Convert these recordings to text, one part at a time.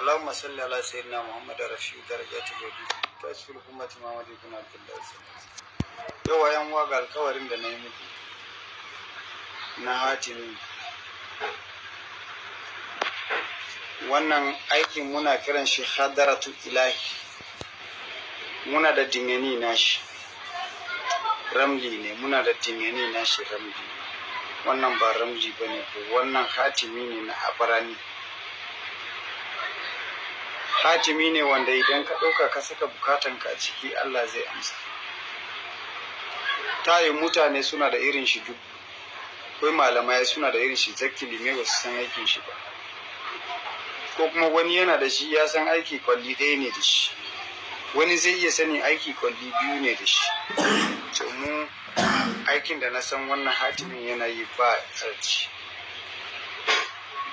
اللهم صل على سيدنا محمد رفيع درجات الوجود كاشف الأمة محمد بن عبد الله yau wayan waga alkawarin da na yi muku na hatimi wannan aikin muna kiran shi hadaratu ilahi muna da dimeni nashi ramli ne muna da dimeni nashi ramli wannan ba ramli ba ne wannan hatimi ne na abarani hatimi ne wanda idan ka ɗauka ka saka bukatanka a ciki allah zai amsa tayin mutane suna da irin shi duk kai malamai suna da irin shi zakki lime ba su san aikin shi ba ko kuma wani yana da shi ya san aiki kwalli ɗaya ne da shi wani zai iya sani aiki kwalli biyu ne da shi to mu aikin da na san wannan hatimin yana yi ba tsarci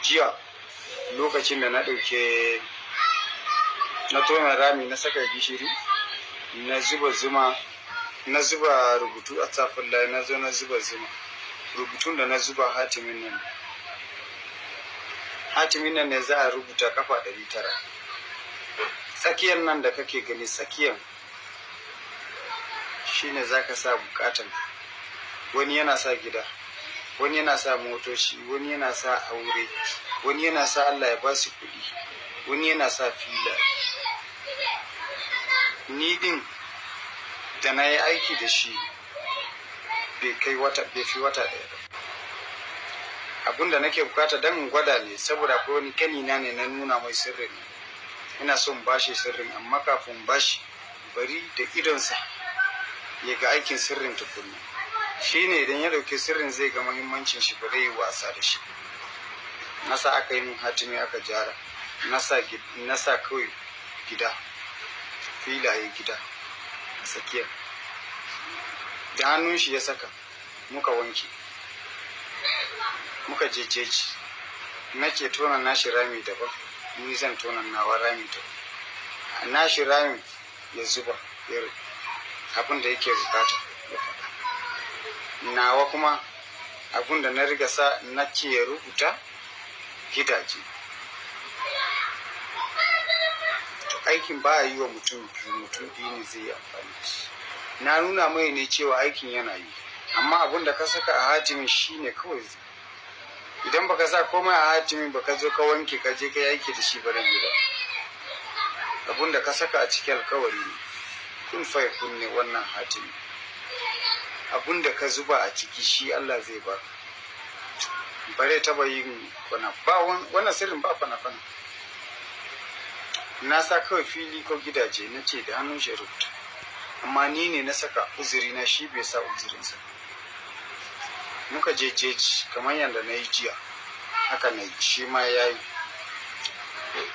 jiya lokacin da na ɗauke na tona rami na saka gishiri na zuba zuma na zuba rubutu a tsafin layi na zo na zuba zuma rubutun da na zuba hatimin nan hatimin nan ne za a rubuta kafa 900 tsakiyar nan da kake gani tsakiyar shine za ka sa bukatan wani yana sa gida wani yana sa motoci wani yana sa aure wani yana sa allah ya ba su kuɗi wani yana sa fila ni din da na yi aiki da shi bai wata bai fi wata ɗaya ba abin da nake bukata don gwada ne saboda akwai wani kanina ne na nuna mai sirrin ina son bashi sirrin amma kafin bashi bari da idonsa ya ga aikin sirrin tukunna shi ne idan ya ɗauki sirrin zai ga muhimmancin shi ba zai wasa da shi nasa aka yi min hatimi aka jara nasa kawai gida filaye gida a tsakiya da hannun shi ya saka muka wanke muka jejeji ke tonan nashi rami daban ni zan tonan nawa rami daban nashi rami ya zuba abin da yake bukata nawa kuma abun da na riga sa na ce rubuta gidaje To aikin ba yi wa mutum biyu mutum biyu ne zai yi amfani da shi na nuna mai ne cewa aikin yana yi amma abun da ka saka a hatimin shi ne kawai zai idan baka sa komai a hatimin baka zo ka wanke ka je ka aiki da shi bare gida abun da ka saka a cikin alkawari ne kun fai kun ne wannan hatimin abun da ka zuba a ciki shi Allah zai ba bare taba yin kwana ba wannan sirrin ba kwana kwana na sa kawai fili ko gidaje na ce da hannun shi rubuta amma ni ne na saka uzuri na shi bai sa uzurinsa muka je jeji kamar yadda na yi jiya haka na yi shi ma ya yi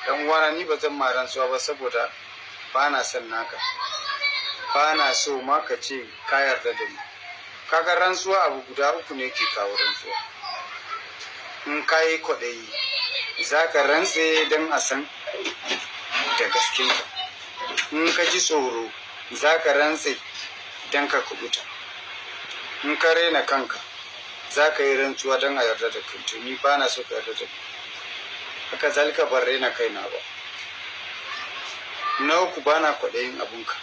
dan wara ni ba zan maran suwa ba saboda ba na son naka ba na so ma ka ce ka yarda da ni kaga rantsuwa abu guda uku ne ke kawo rantsuwa in ka yi kwaɗayi za ka rantse don a san da gaskinka in ka ji tsoro za ka rantse don ka kubuta in ka raina kanka za ka yi rantsuwa don a yarda da kanta ni ba na so ka yarda da haka zalika ban kai kaina ba na uku ba na kwaɗayin abunka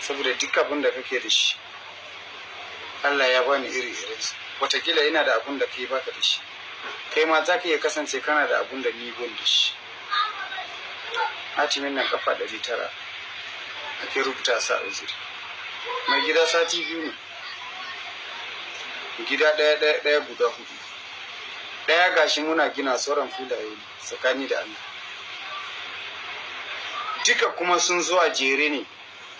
saboda duk abin da kake da shi Allah ya bani iri irin su watakila yana da abun da kai baka da shi kai ma za ka iya kasance kana da abun da ni ban da shi hatimin nan kafa ɗari tara ake rubuta sa a ziri mai gida sati biyu ne gida ɗaya ɗaya ɗaya guda hudu ɗaya gashi muna gina sauran filaye tsakani da Allah duka kuma sun zo a jere ne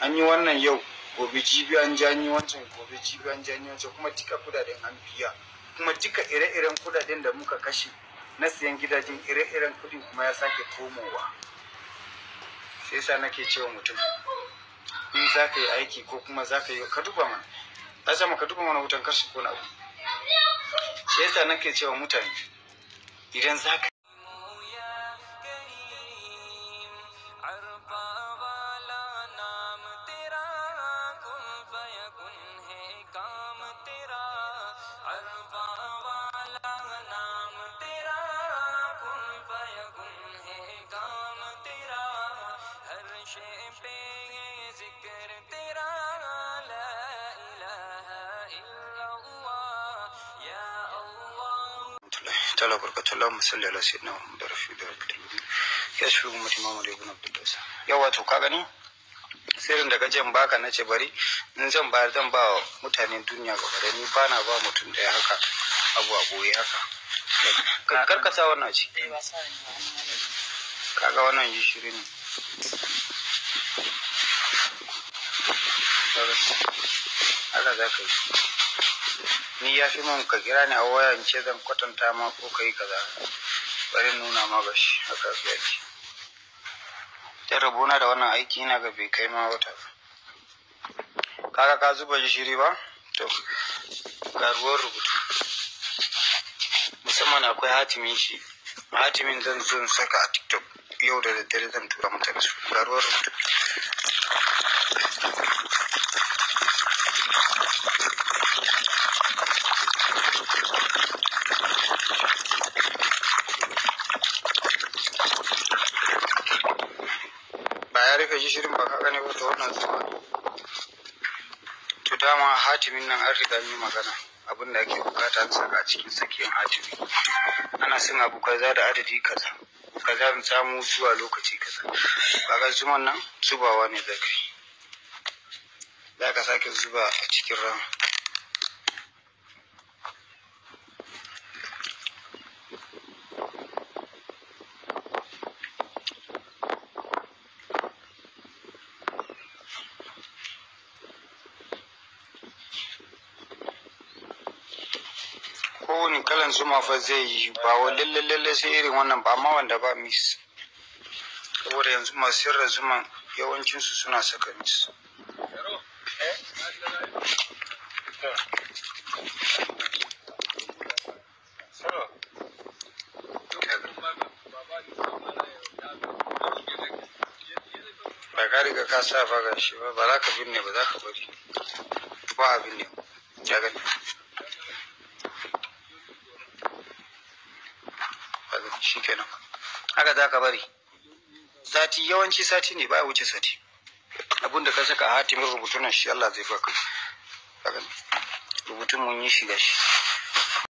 an yi wannan yau gobe jibi an janyi wancan gobe jibi an janyi wancan kuma duka kudaden an biya kuma duka ire-iren kudaden da muka kashe na siyan gidajen ire-iren kudin kuma ya sake komowa sai sa nake cewa mutum in za ka yi aiki ko kuma za ka yi ka duba mana ta sama ka duba mana wutan karshe ko na abu sai sa nake cewa mutane idan za ka नशे पे ये जिक्र على سيدنا محمد رفيع درجة التلميذ ya shi umar imam ali ibn abdullah yawa to ka gani sirrin da baka na ce bari in zan bayar zan ba mutanen duniya gaba ni bana ba mutum daya haka abu haka karkasa wannan wannan ne ni ya fi mun ka kira ni a waya in ce zan kwatanta ma ko ka yi kaza bari nuna ma ba shi a kasuwa ce dan rabona da wannan aiki na ga bai kai ma wata ba kaga ka zuba shiri ba to ga ruwan rubutu musamman akwai hatimin shi hakimin zan zo saka a tiktok yau da daddare zan tura mata da su garuwar rubutu ba ya rufe gishirin ba kaga ne ba ta abin da ake bukata ka saka a cikin tsakiyar hatimi ana son abu kaza da adadi kaza kaza in samu zuwa lokaci kaza ba ga zuman nan zubawa ne zaka kai. za ka sake zuba a cikin ran kowane kalan zuma fa zai yi ba wa lalle lalle sai irin wannan ba amma wanda ba mis saboda yanzu masu sirra zuman yawancinsu suna saka mis ba ka riga ka sa ba ga shi ba ba za ka binne ba za ka bari ba abin ne ya gani shikenan haka za ka bari sati yawanci sati ne baya wuce sati abin da ka saka a hatimin rubutun shi Allah zai baka rubutun mun yi shiga shi